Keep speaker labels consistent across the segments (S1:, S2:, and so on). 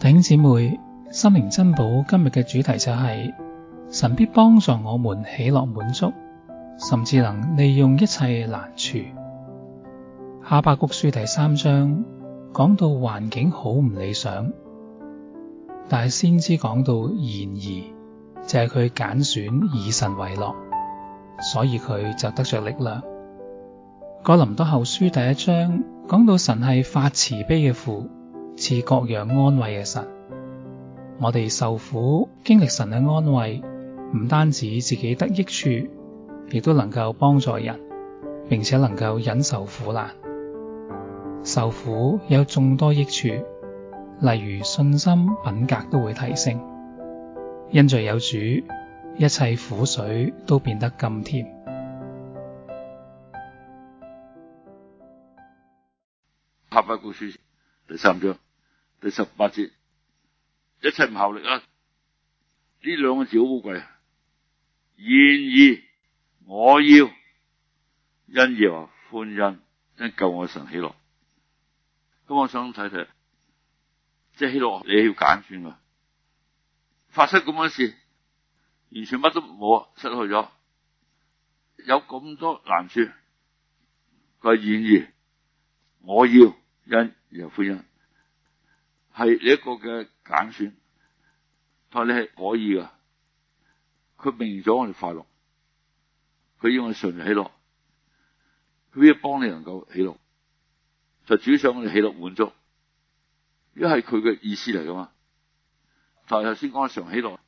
S1: 弟兄姊妹，心靈珍寶今日嘅主題就係、是、神必幫助我們喜樂滿足，甚至能利用一切難處。哈巴谷書第三章講到環境好唔理想，但係先知講到然而，就係佢揀選以神為樂，所以佢就得着力量。哥林多後書第一章講到神係發慈悲嘅父。賜各樣安慰嘅神，我哋受苦經歷神嘅安慰，唔單止自己得益處，亦都能夠幫助人，並且能夠忍受苦難。受苦有眾多益處，例如信心品格都會提升。因罪有主，一切苦水都變得甘甜。哈巴谷書第三章。第十八節，一切唔效力啊！呢兩個字好寶貴啊！然而，我要因耶和華歡欣，因救我嘅神喜樂。咁我想睇睇，即係喜樂，你要揀選啊！發生咁樣嘅事，完全乜都冇啊，失去咗，有咁多難處。佢係然而，我要因耶和華歡欣。係你一個嘅揀選，但是你係可以噶，佢命咗我哋快樂，佢要我哋利喜樂，佢要幫你能夠喜樂，就主要想我哋喜樂滿足，呢係佢嘅意思嚟噶嘛。就頭先講常喜樂，呢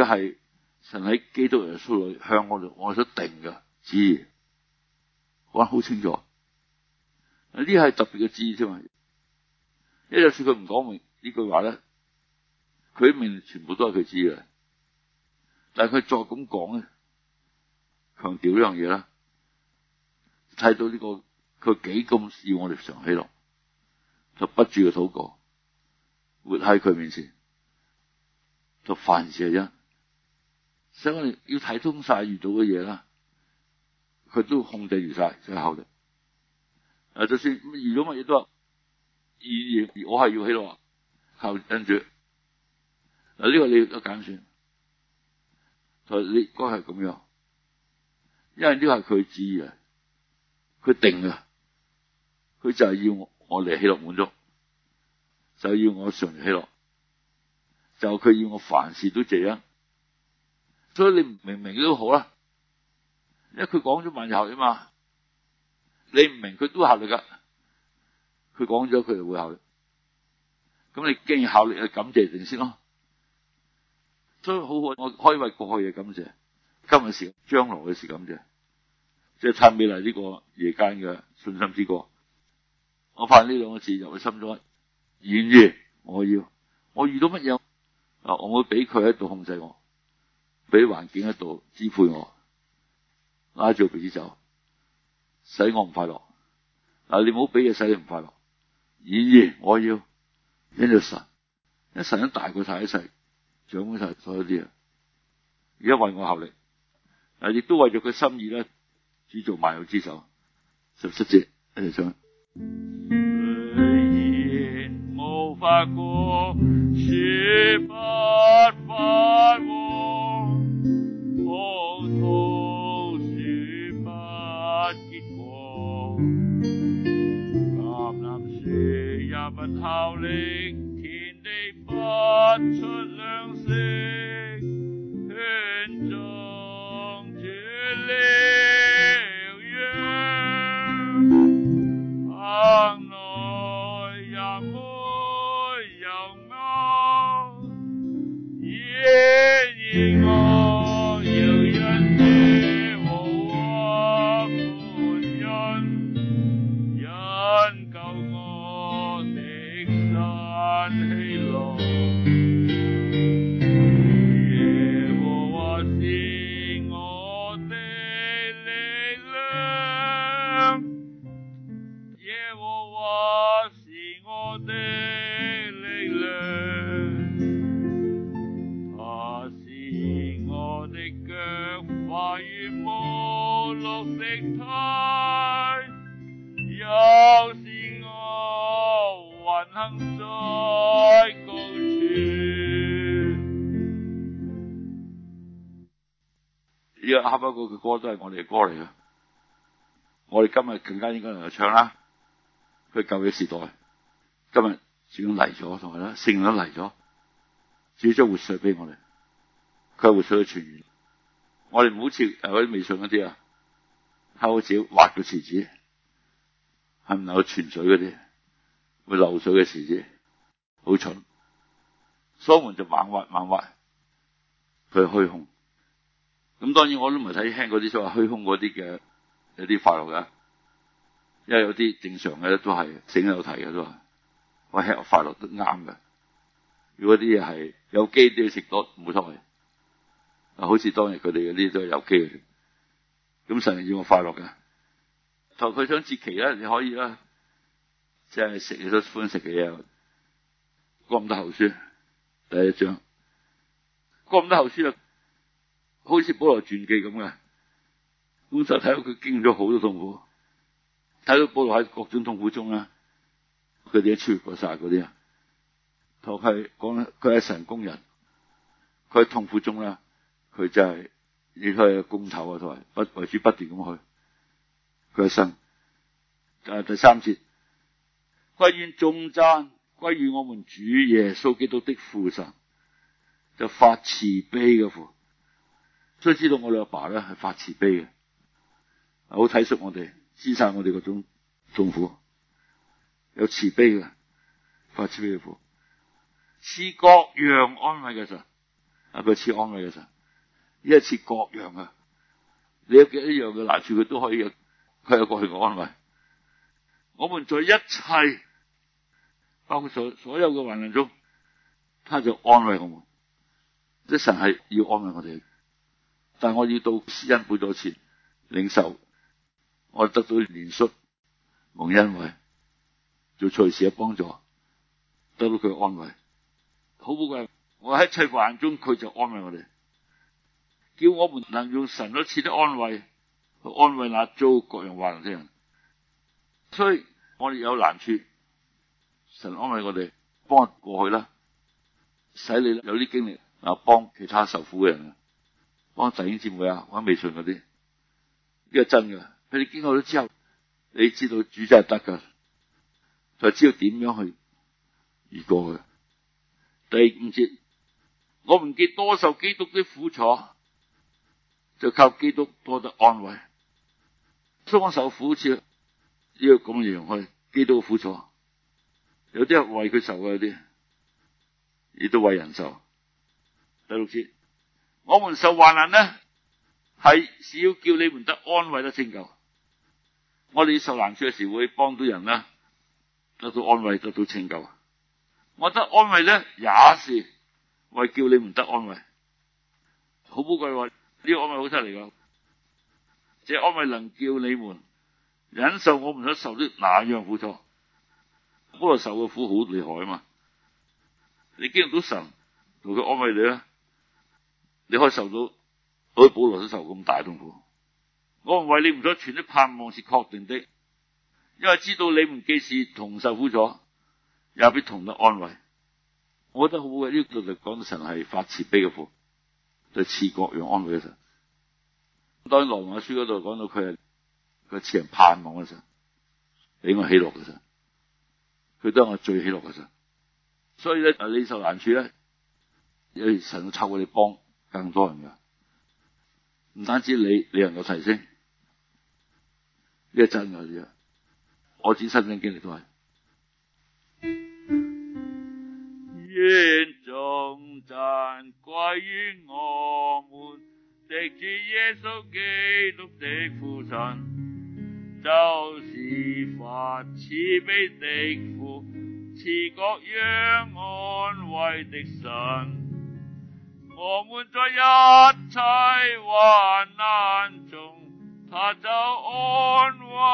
S1: 係神喺基督耶穌裏向我哋，我所定嘅旨意，講得好清楚，呢係特別嘅旨意啫嘛。一有事佢唔講明呢句話咧，佢面前全部都係佢知嘅，但係佢再咁講咧，強調呢樣嘢啦，睇到呢、這個佢幾咁要我哋常喜樂，就不住嘅禱告，活喺佢面前，就凡事啊，所以我哋要睇通晒遇到嘅嘢啦，佢都控制住晒最後嘅，啊就算遇到乜嘢都而我係要喜樂，靠跟住。嗱、這、呢個你個揀選，佢你該係咁樣，因為呢個係佢嘅旨意啊，佢定啊，佢就係要我嚟喜樂滿足，就是、要我順喜樂。就佢、是、要我凡事都這樣，所以你明唔明都好啦，因為佢講咗萬事合嘛，你唔明佢都合理噶。佢講咗，佢就會考慮。咁你既然考慮，就感謝定先咯。所以好好，我可以為過去嘅感謝，今日事、將來嘅時感謝，即係太美麗呢個夜間嘅信心之過。我發現呢兩個字入去心中：願意，我要。我遇到乜嘢啊？我會俾佢喺度控制我，俾環境喺度支配我，拉住鼻子走，使我唔快樂。嗱，你唔好俾嘢使你唔快樂。然而， 我要，因為神，因神一大過一切，掌管一切所有啲啊，而家為我效力，啊，亦都為咗佢心意咧，主做萬有之首，十七節，一齊唱
S2: 吧，呃、無花果是吧？也不效力，田地不出糧食，圈中絕了。
S1: 阿伯佢句歌都係我哋嘅歌嚟嘅，我哋今日更加應該嚟唱啦。佢舊嘅時代，今日始終嚟咗，同埋啦聖靈都嚟咗，只要活水俾我哋，佢係活水嘅泉源。我哋唔好似誒啲未信嗰啲啊，摳住挖個池子，係唔能夠泉水嗰啲，會漏水嘅池子，好蠢。所門就猛挖猛挖，佢係虛空。咁當然我都唔係睇輕嗰啲所謂虛空嗰啲嘅有啲快樂嘅，因為有啲正常嘅都係醒有睇嘅都係，我吃我快樂都啱嘅。如果啲嘢係有機都要食多冇所謂，啊好似當日佢哋嗰啲都係有機嘅。咁神要我快樂嘅，同佢想節期咧，你可以啦，即係食嘢都歡食嘅嘢，哥林多後書第一章，哥林多後書啊！好似保羅傳記咁嘅，咁就睇到佢經歷咗好多痛苦，睇到保羅喺各種痛苦中啦，佢哋一出過晒啲啊，同係講佢係神工人，佢喺痛苦中啦，佢就係亦都係公頭啊，同埋不為主不斷咁去，佢一生，就係第三節，願頌讚，歸與我們主耶穌基督的父神，就發慈悲嘅父。都知道我哋阿爸咧，係發慈悲嘅，好體恤我哋，知晒我哋嗰種痛苦，有慈悲嘅，發慈悲嘅父，
S2: 賜各樣安慰嘅
S1: 神。啊佢賜安慰嘅神，一切各樣啊，你有幾一樣嘅難處，佢都可以有佢有過去嘅安慰。我們在一切包括所所有嘅患難中，他就安慰我們，即神係要安慰我哋。但我要到施恩寶座前領受，我得到憐恤、蒙恩惠，做隨時嘅幫助，得到佢嘅安慰。好寶貴，我喺一切患難中，佢就安慰我哋，叫我們能用神所賜的安慰去安慰那遭各樣患難嘅人。所以我哋有難處，神安慰我哋，幫過去啦，使你有啲經歷啊，幫其他受苦嘅人。幫弟兄姊妹啊，玩微信嗰啲，呢個真噶。佢哋經過咗之後，你知道主真係得噶，就知道點樣去遇過去的。第五節，我哋既多受基督啲苦楚，就靠基督多得安慰。雙手苦楚，呢個咁形容去基督嘅苦楚。有啲係為佢受嘅，有啲亦都為人受。第六節。我們受患難呢，係是要叫你們得安慰，得拯救。我哋受難處嘅時會幫到人啦，得到安慰，得到拯救。我得安慰呢，也是為叫你們得安慰。好寶貴話，呢個安慰好犀利噶，即係安慰能叫你們忍受我唔想受啲那樣苦楚。不過受嘅苦好厲害啊嘛，你經歷到神同佢安慰你咧。你可以受到，好似保羅都受咁大痛苦。我們為你們所存的盼望是確定的，因為知道你們既是同受苦楚，又必同得安慰。我覺得很好嘅呢度就講到神係發慈悲嘅父，對，就是賜各樣安慰嘅神。當然羅馬書嗰度講到佢係佢賜人盼望嘅神，俾我喜樂嘅神。佢當我最喜樂嘅神。所以咧，你受難處咧，有神都湊過你幫。更多人嘅，唔單止你，你能夠提升，呢個真嘅嘢，我自己親身經歷都係。
S2: 願頌讚歸與我們，的主耶穌基督的父神，就是發慈悲的父，賜各樣安慰的神。我們在一切患難中，他就安慰。嗯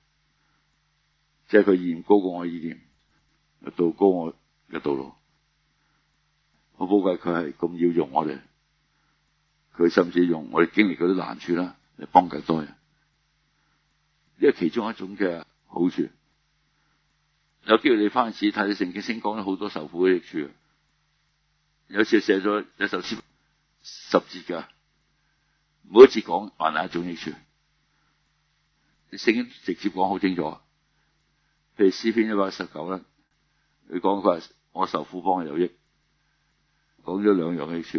S1: 即係佢意念高過我意念，又導高我嘅道路。我估計佢係咁要用我哋，佢甚至用我哋經歷嗰啲難處啦，嚟幫緊多人。呢係其中一種嘅好處。有機會你翻去睇你陳景星講咗好多受苦嘅益處。有一次寫咗一首詩，十節㗎，每一節講係哪一種益處。你聖經直接講好清楚。譬如詩篇一百一十九咧，佢講佢係我受苦方有益，講咗兩樣嘅好處。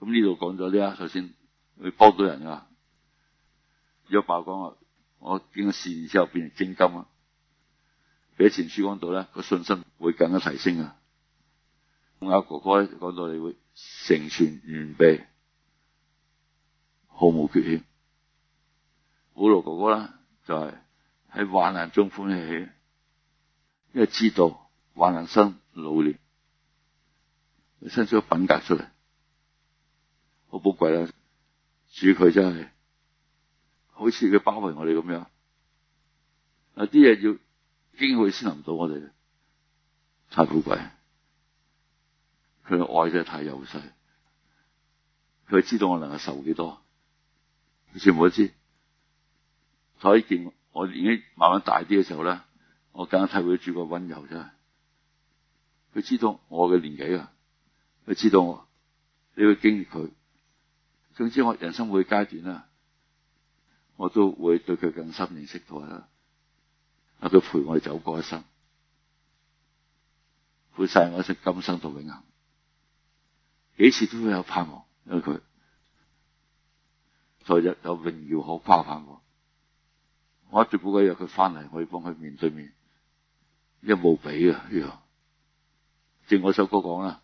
S1: 咁呢度講咗啲啊，首先佢幫到人啊，約伯講啊，我經過試驗之後變成精金啊，彼前書講到咧，個信心會更加提升啊。雅各哥哥講到你會成全完備，毫無缺欠。保羅哥哥咧就係、是。喺患難中歡喜，因為知道患難生老練，生出一個品格出嚟，好寶貴啦！主佢真係，好似佢包容我哋咁樣，有啲嘢要經佢先諗到我哋，太寶貴。佢嘅愛真係太幼細，佢知道我能夠受幾多，全部都知道，所以見。我年紀慢慢大啲嘅時候咧，我更加體會到主嘅溫柔，佢知道我嘅年紀啊，佢知道我，你會經歷佢。總之我人生每階段啦，我都會對佢更深認識到啦。啊，佢陪我哋走過一生，陪晒我，我一生，今生到永恒，幾次都會有盼望，因為佢在日有榮耀好誇盼喎。我最寶貴，若佢翻嚟，我可以幫佢面對面。呢冇比啊，呢正我首歌講啦。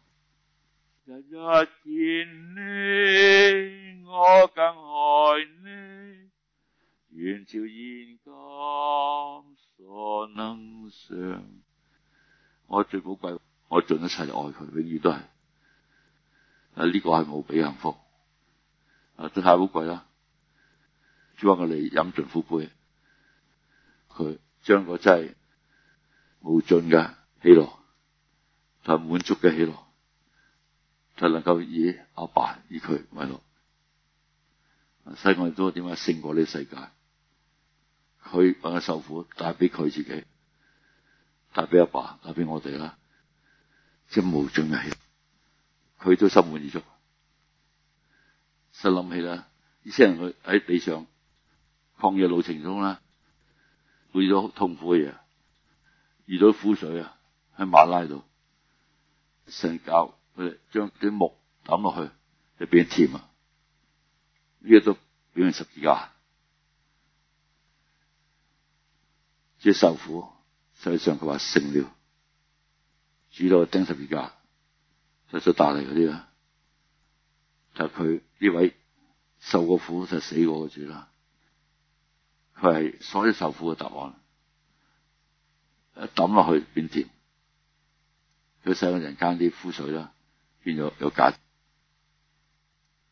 S2: 日日見你，我更愛你。
S1: 元朝現今所能想，我最寶貴，我盡一切愛佢，永遠都係。啊，呢個係冇比幸福。啊，最係寶貴啦。諸君我哋飲盡苦杯。佢將個真係無盡嘅喜樂，係滿足嘅喜樂，就能夠以阿爸以佢為樂。西岸都點解勝過呢個世界？佢把個受苦帶俾佢自己，帶俾阿爸，帶俾我哋啦。即係無盡嘅喜樂，佢都心滿意足。實諗起啦，呢些人佢喺地上抗業路程中啦。遇到痛苦嘅嘢，遇到苦水啊！喺馬拉度成嚿，佢哋將啲木抌落去，就變甜啊！呢、這個都表現十字架，即、就、係、是、受苦。實際上佢話成了主都釘十字架，耶穌大嚟嗰啲啊，就係佢呢位受過苦就死嗰住啦。佢係所有受苦嘅答案，一抌落去變甜。佢使咗人間啲苦水啦，變咗有價值。